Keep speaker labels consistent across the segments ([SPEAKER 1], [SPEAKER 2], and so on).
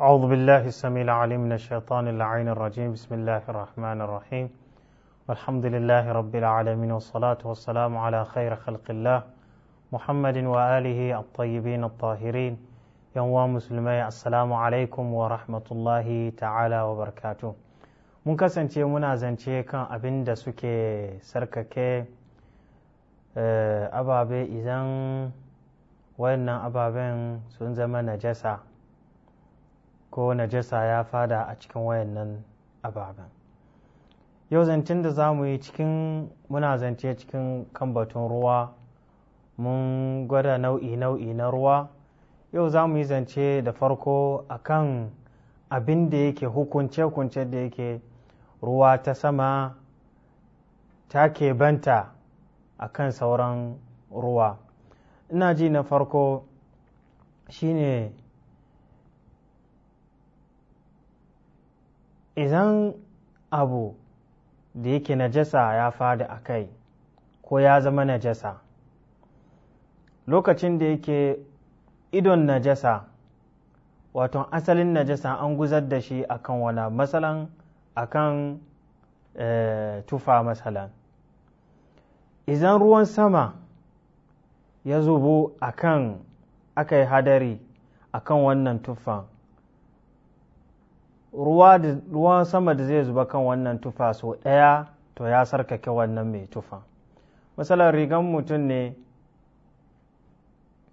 [SPEAKER 1] أعوذ بالله السميع العليم من الشيطان اللعين الرجيم بسم الله الرحمن الرحيم والحمد لله رب العالمين والصلاة والسلام على خير خلق الله محمد وآله الطيبين الطاهرين يوم مسلمي السلام عليكم ورحمة الله تعالى وبركاته mun kasance muna zance kan abin da suke sarkake ababe idan wayannan ababen sun zama najasa ko najasa ya fada a cikin wayannan ababen yau zancen da za mu yi cikin muna zance cikin kan batun ruwa mun gwada nau'i-nau'i na ruwa yau za mu yi zance da farko a kan abin da yake hukunce-hukunce da yake ruwa ta sama ta banta a kan sauran ruwa ina ji na farko shine idan abu da yake najasa ya fada a kai ko ya zama najasa lokacin da yake idon najasa wato asalin najasa an guzar da shi akan wala matsalan akan eh, tufa matsalan izan ruwan sama ya zubo akan aka yi hadari akan wannan tufan ruwan sama da zai zuba kan wannan tufa so ɗaya to ya sarkake wannan mai tufa matsalar rigan mutum ne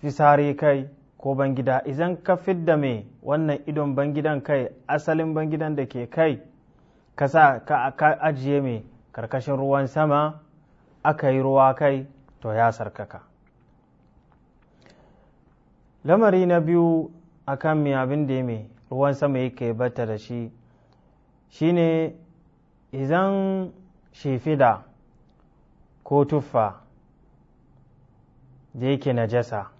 [SPEAKER 1] fisari kai ko bangida idan ka fidda mai wannan idon bangidan kai asalin bangidan da ke kai ka sa ka ajiye mai karkashin ruwan sama aka yi ruwa kai to ya sarkaka lamari na biyu akan kan abin da ya mai ruwan sama yake bata da shi shine izan shifida ko tuffa da yake najasa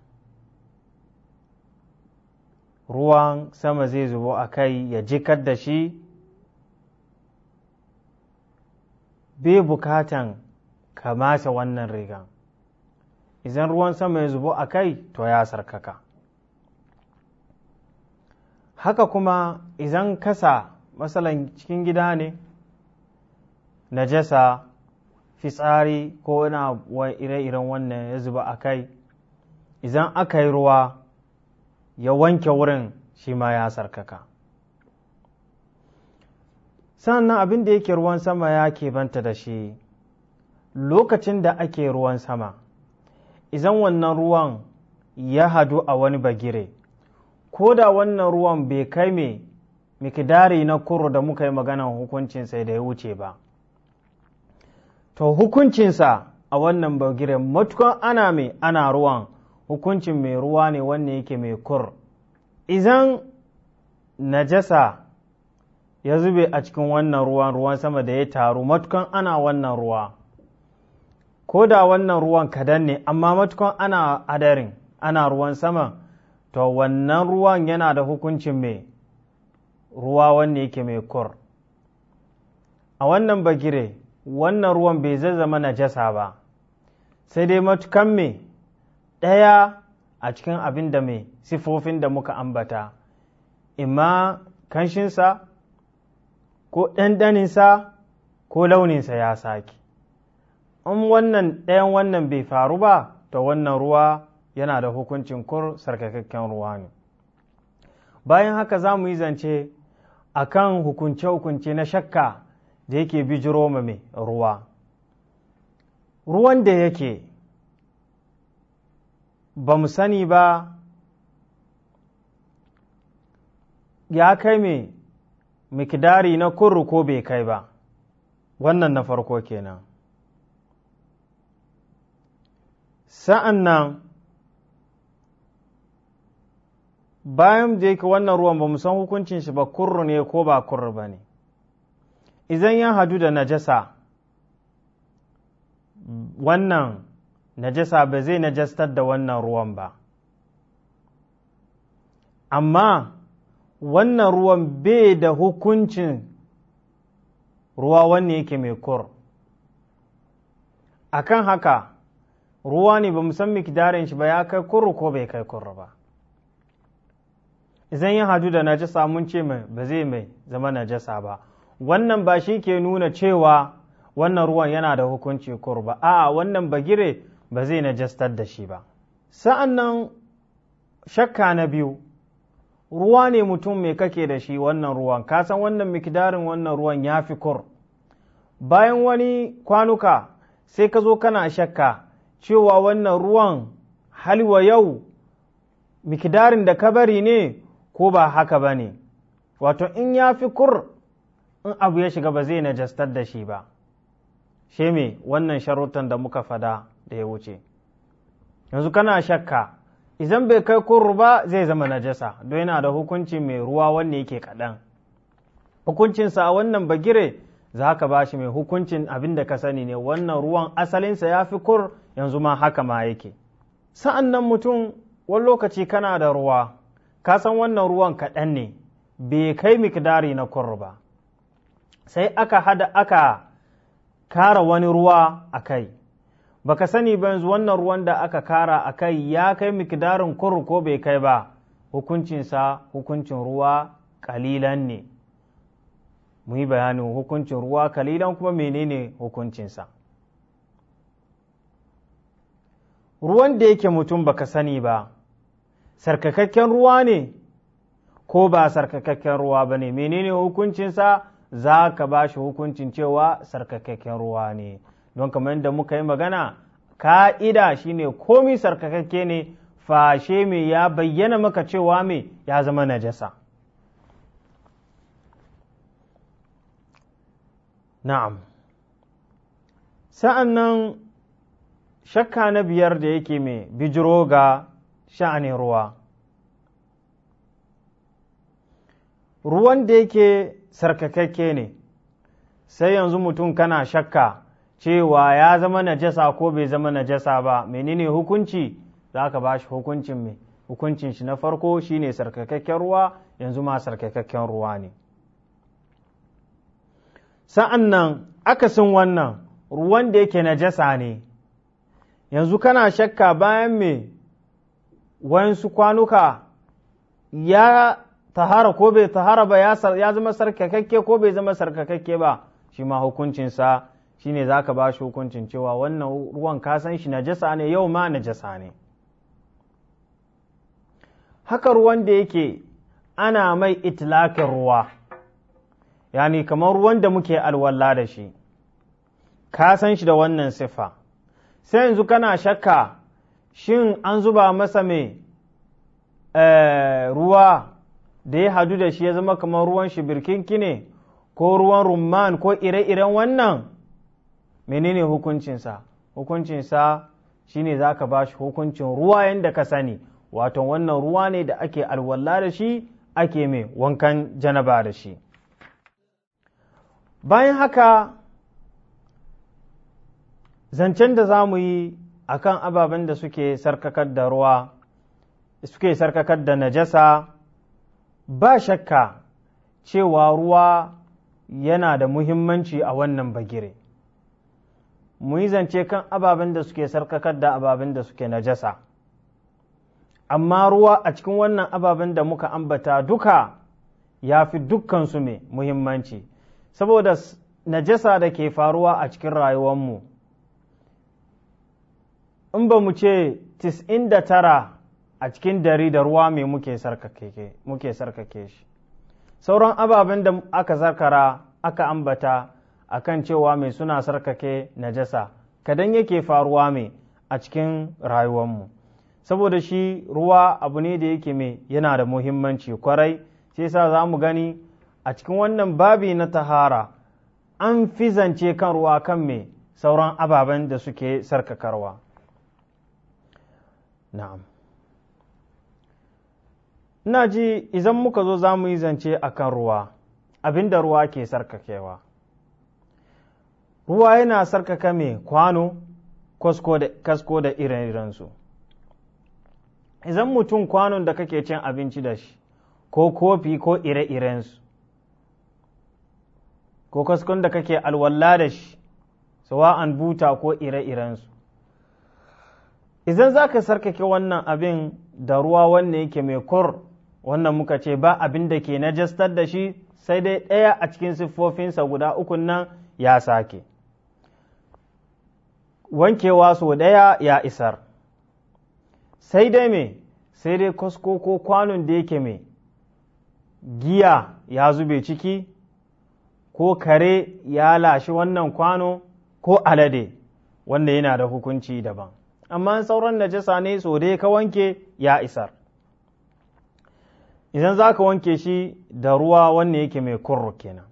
[SPEAKER 1] ruwan sama zai zubo a kai ya jikar da shi bai bukatan kamasa wannan rigan izan ruwan sama ya zubo a kai to ya sarkaka haka kuma izan kasa matsalan cikin gida ne najasa fitsari ko wa ire-iren wannan ya zuba a kai izan aka yi ruwa ya wanke wurin shi ma ya sarkaka sannan abin da yake ruwan sama ya banta da shi lokacin da ake ruwan sama izan wannan ruwan ya hadu a wani bagire ko da wannan ruwan bai kai mai mikidari na kuro da muka yi maganan hukuncinsa da ya wuce ba to hukuncinsa a wannan bagire matukan ana mai ana ruwan hukuncin mai ruwa ne wanne yake mai kur izan najasa ya zube a cikin wannan ruwan ruwan sama da ya taru matukan ana wannan ruwa ko da wannan ruwan kadan ne amma matukan ana adarin ana ruwan sama to wannan ruwan yana da hukuncin mai ruwa wanne yake mai kur a wannan bagire wannan ruwan bai zai zama najasa ba sai dai matukan me ɗaya a cikin abin da mai sifofin da muka ambata imma kanshinsa ko ɗanɗaninsa ko launinsa ya sake in wannan ɗayan wannan bai faru ba ta wannan ruwa yana da hukuncin kur sarkakakken ruwa ne bayan haka za mu yi zance a kan hukunce-hukunce na shakka da yake bijiro mai ruwa ruwan da yake ba mu sani ba ya kai mai mikidari na kurru ko bai kai ba wannan na farko kenan sa'an nan bayan da yake wannan ruwan ba mu san hukuncin shi ba kurru ne ko ba kurru ba ne idan ya hadu da najasa wannan najasa ba zai najastar da wannan ruwan ba amma wannan ruwan bai da hukuncin ruwa wanne yake mai kur akan haka ruwa ne ba san mikdarin shi ba ya kai kurru ko bai kai kurru ba idan ya hadu da najasa mun ce mai ba zai mai zama najasa ba wannan ba shi ke nuna cewa wannan ruwan yana da hukunci kurba ba a wannan bagire ba zai najastar da shi ba sa'an nan shakka na biyu ruwa ne mutum mai kake da shi wannan ruwan kasan wannan mikidarin wannan ruwan ya fi kur bayan wani kwanuka sai ka zo kana shakka cewa wannan ruwan halwa yau mikdarin da ka bari ne ko ba haka ba ne wato in ya fi kur in abu ya shiga ba zai najastar da shi ba shi me wannan sharutan da muka fada da ya wuce yanzu kana shakka izan bai kai kur ba zai zama najasa don yana da hukunci mai ruwa wanda yake kaɗan hukuncinsa a wannan bagire za ka ba shi mai hukuncin abin da ka sani ne wannan ruwan asalinsa ya fi kur yanzu ma haka ma yake sa'an nan mutum wani lokaci kana da ruwa ka san wannan ruwan kaɗan ne bai kai mikdari na kur ba sai aka hada aka kara wani ruwa a kai ba ka sani ba yanzu wannan ruwan da aka kara a kai ya kai mikdarin kur ko bai kai ba hukuncinsa hukuncin ruwa kalilan ne mu yi bayanin hukuncin ruwa kalilan kuma menene hukuncinsa ruwan da yake mutum baka sani ba sarkakakken ruwa ne ko ba sarkakakken ruwa ba ne menene hukuncinsa za ka ba shi hukuncin cewa sarkakakken ruwa ne don kamar yadda muka yi magana ka'ida shine komi sarkakakke ne fashe me ya bayyana maka cewa me ya zama najasa na'am sa'an nan shakka na biyar da yake mai bijiro ga sha'anin ruwa ruwan da yake sarkakakke ne sai yanzu mutum kana shakka cewa ya zama najasa ko bai zama najasa ba menene hukunci za ka ba shi hukuncin mai hukuncin shi na farko shine sarkakakken ruwa yanzu ma sarkakakken ruwa ne sa'an nan akasin wannan ruwan da yake najasa ne yanzu kana shakka bayan mai wayansu kwanuka ya tahara ko bai tahara ba ya zama sarkakakke ko bai zama sarkakakke ba shi ma hukuncinsa shine za ka ba shi hukuncin cewa wannan ruwan kasan shi na jasa ne yau ma najasa ne haka ruwan da yake ana mai itilakin ruwa yani kamar ruwan da muke alwala da shi ka san shi da wannan siffa sai yanzu kana shakka shin an zuba masa mai eh, ruwa da ya hadu da shi ya zama kamar ruwan shibirkinki ne ko ruwan rumman ko ire-iren wannan menene hukuncinsa hukuncinsa shine za ka ba shi hukuncin ruwa yadda ka sani wato wannan ruwa ne da ake alwala da shi ake mai wankan janaba da shi bayan haka zancen da za mu yi akan ababen da suke sarkakar da ruwa suke sarkakar da najasa ba shakka cewa ruwa yana da muhimmanci a wannan bagire mu yi zance kan ababen da suke sarkakar da ababen da suke najasa amma ruwa a cikin wannan ababen da muka ambata duka ya fi dukkansu mai muhimmanci saboda najasa da ke faruwa a cikin mu. in ba mu ce tis'in da tara a cikin dari da ruwa mai muke sarkake shi sauran ababen da aka zarkara aka ambata a kan cewa mai suna sarkake najasa kadan yake faruwa mai a cikin rayuwanmu saboda shi ruwa abu ne da yake mai yana da muhimmanci kwarai sai sa za mu gani a cikin wannan babi na tahara an fizance kan ruwa kan mai sauran ababen da suke sarkakarwa na'am ina ji idan muka zo za mu yi zance a kan ruwa abinda ruwa ke sarkakewa ruwa yana sarkaka mai kwano kasko da irin su. idan mutum kwanon da kake cin abinci da shi ko kofi ko ire-irensu ko kaskon da kake alwalla da shi sawa'an buta ko ire-irensu idan za ka sarkake wannan abin da ruwa wanne yake mai kur wannan muka ce ba abin da ke najastar da shi sai dai ɗaya a cikin siffofinsa guda ukun nan ya sake wankewa sau ɗaya ya isar sai dai me sai dai kosko ko kwanon da yake mai giya ya zube ciki ko kare ya lashi wannan kwano ko alade wanda yana da hukunci daban amma sauran najasa ne so dai ka wanke ya isar idan za ka wanke shi da ruwa wanne yake mai kurru kenan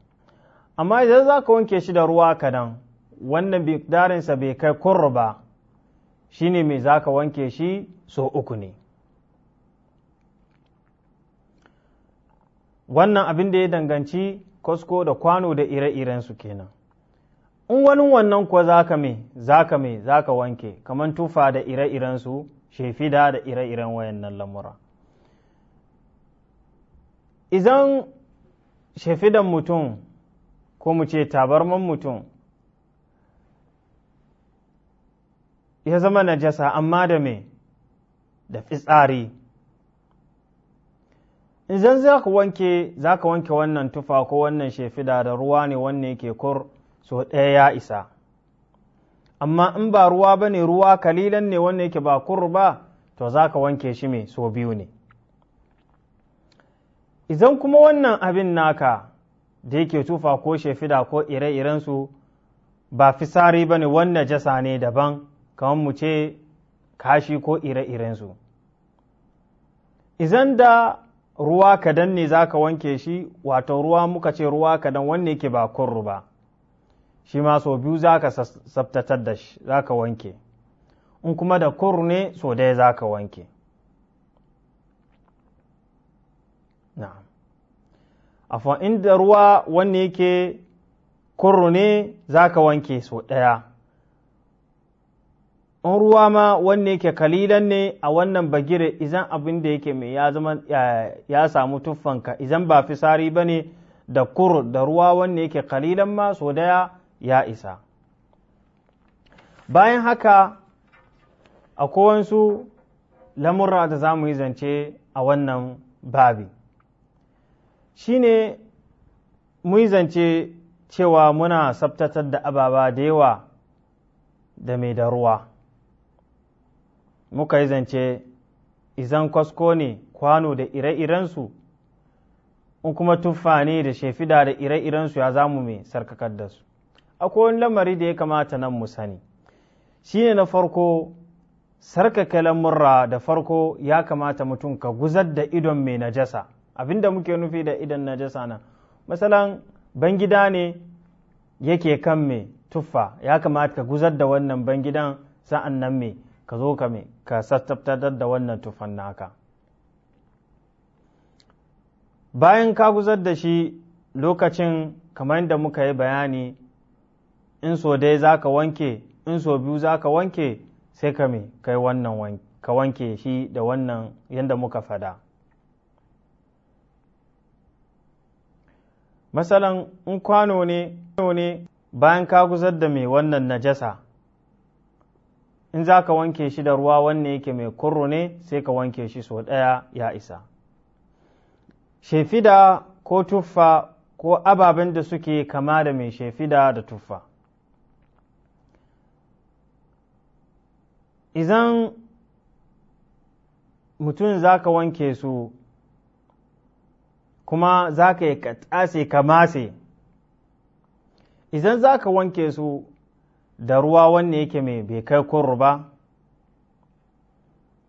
[SPEAKER 1] amma idan za ka wanke shi da ruwa kadan wannan darinsa bai kai kurru ba shi ne mai za ka wanke shi so uku ne wannan abin da ya danganci kosko da kwano da ire-irensu kenan in wani wannan kuwa za ka me za ka me za ka wanke kamar tufa da ire-irensu shefida da ire-iren wayannan lamura idan shefidan mutum ko mu ce tabarman mutum ya zama najasa amma da me da fitsari idan za ka wanke za ka wanke wannan tufa ko wannan shefida da ruwa ne wanne yake kur so ɗaya ya isa amma in ba ruwa ba ne ruwa kalilan ne wanda yake ba kurru to za ka wanke shi mai so biyu ne idan kuma wannan abin naka da yake tufa ko shefida ko ire-irensu ba fisari ba ne wannan jasa ne daban kamar mu ce kashi ko ire-irensu izan da ruwa kadan ne za ka wanke shi wato ruwa muka ce ruwa kadan wanda yake ba kurru ba shi ma sau biyu za ka tsaftatar da shi za ka wanke in kuma da kur ne sau ɗaya za ka wanke afa inda ruwa wanne yake kurru ne za ka wanke sau ɗaya in ruwa ma wanne yake kalilan ne a wannan bagire izan abin da yake mai ya zama ya samu tuffanka izan ba fisari ba ne da kur da ruwa wanne yake kalilan ma sau ɗaya ya isa bayan haka a kowansu lamurra da za mu yi zance a wannan babi shine mu yi zance cewa muna sabtatar da ababa da yawa da mai da ruwa muka yi zance izan kwasko ne kwano da ire-irensu in kuma tuffa ne da shefida da ire-irensu ya zamu mai sarkakar da su akwai wani lamari da ya kamata nan mu sani shine na farko sarkake lamurra da farko ya kamata mutum ka guzar da idon mai najasa da muke nufi da idon najasa nan misalan bangida ne yake kan mai tuffa ya kamata ka guzar da wannan bangidan sa'an nan mai ka zo ka mai ka sattabtar da wannan tuffan naka bayan ka guzar da shi lokacin kamar yadda muka yi bayani in so dai za ka wanke in so biyu za ka wanke sai ka me kai wannan ka wanke shi da wannan yadda muka fada masalan in kwano ne bayan ka guzar da mai wannan najasa in za ka wanke shi da ruwa wanne yake mai kurro ne sai ka wanke shi sau ɗaya ya isa shefida ko tuffa ko ababen da suke kama da mai shefida da tuffa idan mutum za ka wanke su kuma za ka yi katse ka mase idan za ka wanke su da ruwa wanne yake mai bai kai kurru ba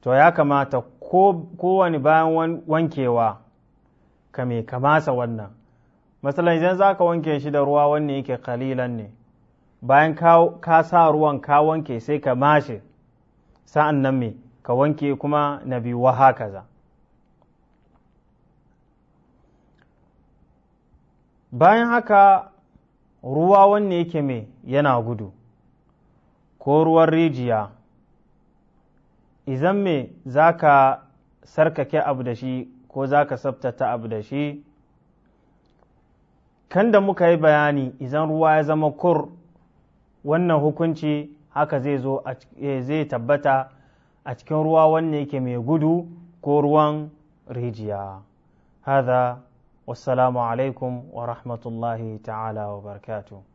[SPEAKER 1] to ya kamata kowane bayan wankewa ka mai kamasa wannan matsalan idan za ka wanke shi da ruwa wanne yake kalilan ne bayan ka sa ruwan ka wanke sai ka mashi sa'an nan me ka wanke kuma na biyu wa bayan haka ruwa wanne yake me yana gudu ko ruwan rijiya izan me za ka sarkake abu da shi ko za ka sabtata abu da shi kan muka yi bayani izan ruwa ya zama kur wannan hukunci haka zai zo eh, zai tabbata a cikin ruwa wanne yake mai gudu ko ruwan rijiya hada wassalamu alaikum wa rahmatullahi ta'ala wa barakatuh